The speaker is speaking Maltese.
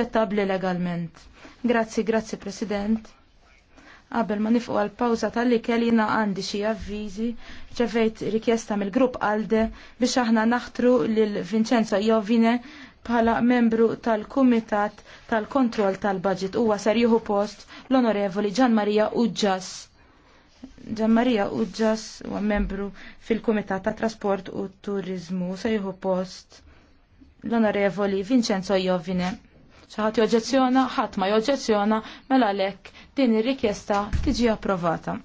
ċettabli legalment. Grazzi, grazzi, President. Qabel ma nifqu għal pawza tal-li kellina għandi xi avviżi, ċevejt rikjesta mill-grupp Alde biex aħna naħtru lil Vincenzo Jovine bħala membru tal-Kumitat tal-Kontroll tal-Budget huwa ser jieħu post l-Onorevoli Gian Marija Uġġas. Gian Marija Uġġas huwa membru fil-Kumitat tat Trasport u Turizmu se jieħu post l-Onorevoli Vincenzo Jovine ħadd joġġezzjona, ħadd ma joġġezzjona, mela għalhekk din ir-rikjesta tiġi approvata.